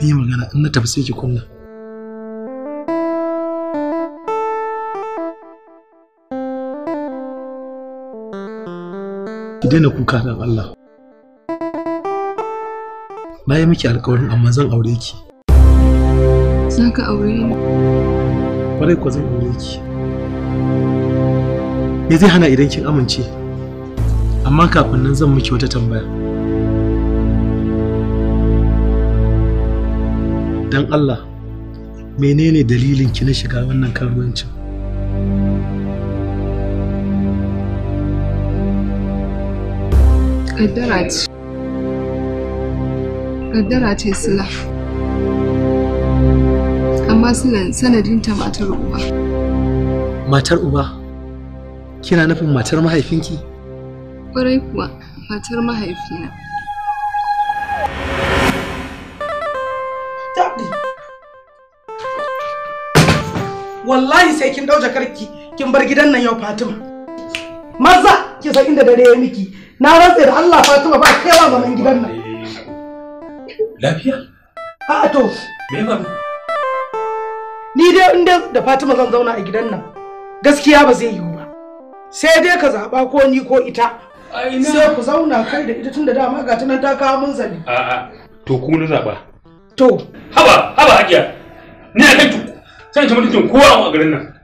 Ni magana in na tafi sai ki kunna. Ki daina kuka dan Allah. Na yi miki alkawarin amma zan aure ki. Za ka aure ni? Kwarai ko zan aure ki. Me zai hana idan kin amince? Amma kafin nan zan miki wata tambaya. dan Allah menene dalilin ki na shiga wannan karuwanci? kaddara ce kaddara ce sila amma sanadin sanadinta matar uba matar uba kina nufin matar mahaifinki ƙwarai kuwa matar mahaifina wallahi sai kin dau jakarki kin bar gidan nan yau Fatima maza ki san inda dare ya miki na rantsa da Allah Fatima ba kaiwa zaman gidan nan lafiya a to me ba ni dai inda da Fatima zan zauna a gidan nan gaskiya ba zai yiwu ba sai dai ka zaba ko ni ko ita sai ku zauna kai da ita tun da dama ga tunan ta kawo mun zali a'a to ku na zaba to haba haba hakiya ni a kai sai in ci mutuncin kowa a garin nan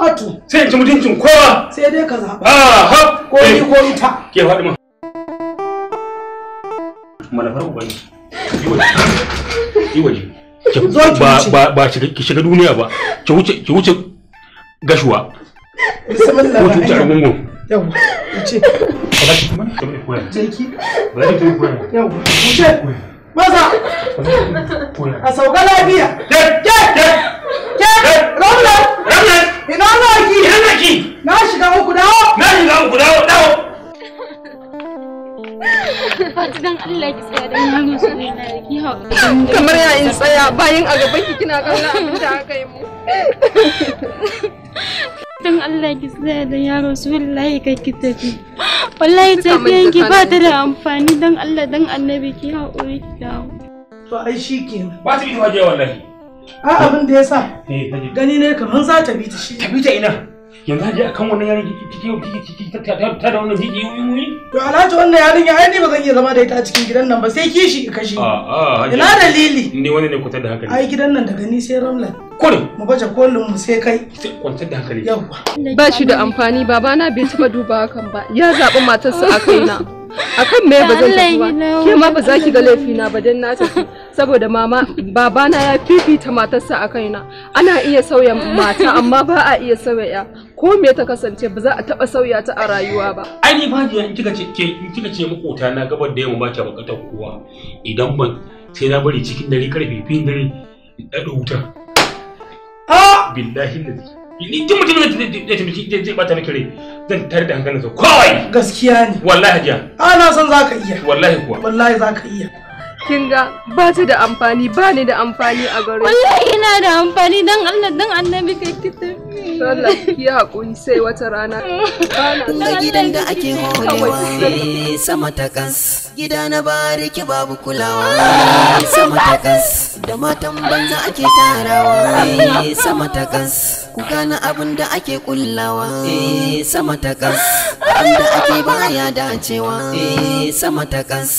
hatu sai in ci mutuncin kowa sai dai ka zaɓa ah ha ko ni ko ita ke faɗi ma malafar ubangi yi waje yi waje ba ba ki shiga duniya ba ki wuce ki wuce gashuwa bismillah ko ki wuce argungu yawa ce ba za ki kuma ki taɓa koya je ki ba za ki taɓa koya yawa wuce maza a sauka lafiya saki na shiga uku dawo na shiga uku dawo dawo Kamar ya tsaya bayan a gaban ki kina abin da aka yi mu. Allah ki tsaya da yaro su wallahi kai ki tafi. Wallahi tafiyan ki ba ta da amfani dan Allah Annabi ki haƙuri ki dawo. To ai Ba ta bi waje wallahi. a abin da ya sa eh, gani ne kamar za ta bi ta shi ta bi ta ina yanzu haji akan wannan yarin ki ki ki ta ta ta da wannan kiki yi yi to alhaji wannan yarin ya aini ba zan iya zama da ita a cikin gidan nan ba sai kishi kashi a a ina dalili ni wani ne kwatar da hankali ai gidan nan daga ni sai ramla kun mu baje kolin mu sai kai kwantar da hankali yawa ba shi da amfani babana bai taba duba hakan ba ya zabi matarsa a kaina akan me ba zan tafi ba ke ma ba za ki ga laifina ba dan na tafi saboda mama babana ya fifita matarsa a kaina ana iya sauya mata amma ba a iya sauya ya ko me ta kasance ba za a taba sauya ta a rayuwa ba ai ni fajiya in kika ce in kika ce makota na gabar da yamma ba ta bukatar kowa idan ban sai na bari cikin dare karfe fin dare da wuta a billahi ni duk mutum da taimaki zai bata miki rai zan tare da hankalinsa kawai gaskiya ne wallahi hajiya ana son zaka iya wallahi kuwa wallahi zaka iya kin ga ba ta da amfani ba ni da amfani a gare wallahi ina da amfani dan Allah dan annabi kai ki tafi Allah ki hakuri sai wata rana ba gidan da ake horewa sama ta kas gida na bariki babu kulawa sama ta kas da matan banza ake tarawa sama ta kas ku gane abin da ake kullawa sama ta kas abin da ake baya dacewa sama ta kas